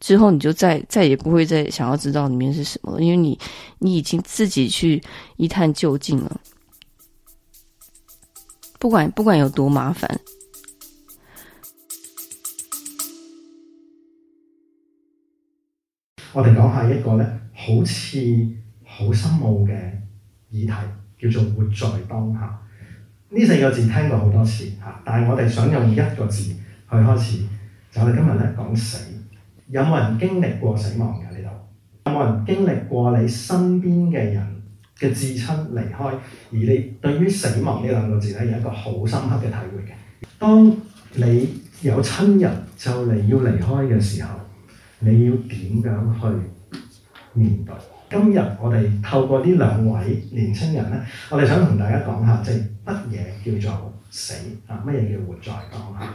之後你就再再也不會再想要知道裏面是什麼了，因為你你已經自己去一探究竟了，不管不管有多麻煩。 我哋講下一個呢，好似好深奧嘅議題，叫做活在當下。呢四個字聽過好多次吓，但係我哋想用一個字去開始，就係、我哋、今日咧講成。有冇人經歷過死亡㗎？呢度有冇人經歷過你身邊嘅人嘅至親離開？而你對於死亡呢兩個字咧，有一個好深刻嘅體會嘅。當你有親人就嚟要離開嘅時候，你要點樣去面對？今日我哋透過呢兩位年輕人咧，我哋想同大家講下，即係乜嘢叫做死啊？乜嘢叫活在當下？